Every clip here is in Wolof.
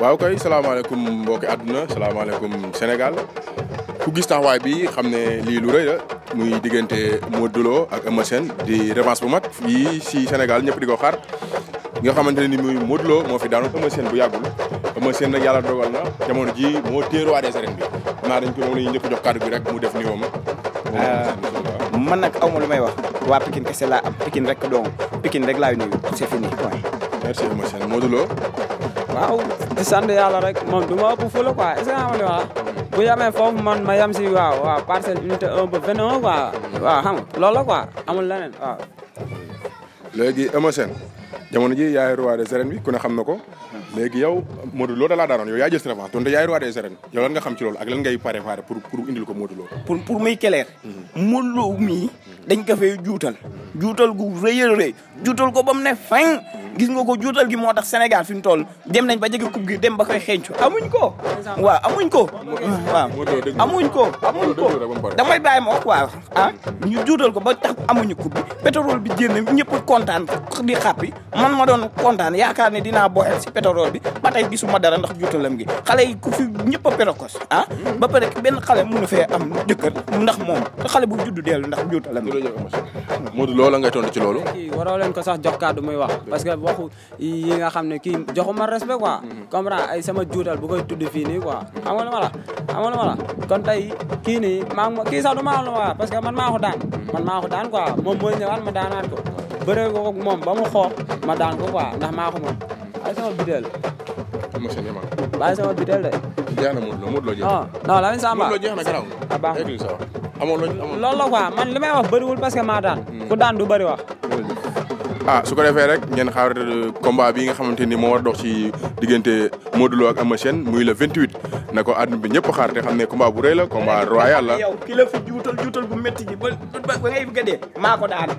waaw kay salaamaaleykum mbokki àdduna salaamaaleykum Sénégal ku gis taxawaay bi xam ne lii lu rëy la muy diggante Modou ak Eumeu di revanche bu mag fii si Sénégal ñëpp di ko xaar nga xamante ne ni muy Modou Lo moo fi daanu Eumeu bu yàggul Eumeu Sène nag yàlla dogal na ji moo téye roi des arènes bi xam naa dañ ko moom la ñuy jox kàddu bi rek mu def nii moom. Euh, man nag awma lu may wax waa Pikine kese laa am Pikine rek dong Pikine rek laay nuyu c'est fini point. merci Eumeu Sène Modou Lo waaw di sant yàlla rek moom du ma ëpp fula quoi est bu yemee foofu man ma yem si waaw waaw parcelle unité 1 ba 21 quoi waaw xam nga loolu la quoi amul leneen waaw. léegi ji yaay roi des arènes bi ku ne xam na ko léegi yow Modou Lo da laa daanoon yow yaa jël sa revanche donte yaay roi des arènes yow lan nga xam ci ak lan ngay préparé pour pour indil ko Modou Lo. pour pour muy clair. Mhm. Modou dañ ko fay joutal joutal gu rëyal rëy joutal ko bam ne fang gis nga ko joutal gi motax senegal fim toll dem nañ ba jege coupe gi dem ba koy xeeñcu amuñ ko wa amuñ ko wa amuñ ko amuñ ko damay bàyyi ma wax waaw ah ñu joutal ko ba tax amuñ coupe bi pétrole bi génn ñepp contane di xàppi man ma doon contane yaakaar ne dina boyal si pétrole bi batay tey gisuma dara ndax joutalam gi xalé yi ku fi ñepp a pérokoos ah ba pare xalé mu mënu fee am jëkkër ndax mom xalé bu judd dellu ndax joutalam Modou la jëkk mos Modou loola ngay tontu ci loolu kii waroo ko sax jox kàddu muy wax parce que waxu yi nga xam ne joxuma respect quoi mm-hmm. comprend ay sama juutal bu koy tudd fii quoi xamal ma la xamal ma la kon tey kii nii maa kii sax du maa lu parce que man maa ko man maa ko quoi moom mooy ñëwaat ma daanaat ko bëree ko moom ba mu xoox ma daan ko quoi ndax ay sama bideel monsieur Niamal bàyyi sama de jeex ah, non ah amoon nañu la quoi man li may wax bëriwul parce que daan. ku daan du bëri wax. ah su ko defee rek ngeen xaar euh, combat bi nga xamante ni moo war dox ci diggante Modou Lo ak Eumeu Sène muy le 28 na bi ñëpp xaar te xam ne combat bu rëy la combat royal fi juutal juutal bu métti ji ba ba daan.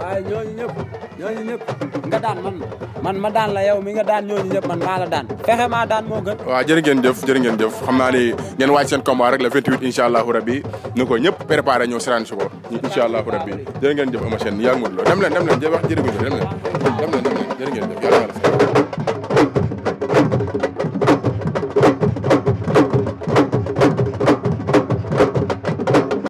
waaye ñooñu ñëpp ñooñu ñëpp nga daan man man ma daan la yow mi nga daan ñooñu ñëpp man maa la daan fexe maa daan moo gën waaw jërë ngeen jëf jërë jëf xam naa ni ngeen waaj seen combat rek le 28 incha allahu rabbi nu ko ñëpp préparé ñoo seraan ko incha rabbi jërë jëf ama seen yaa ngi dem leen dem jëf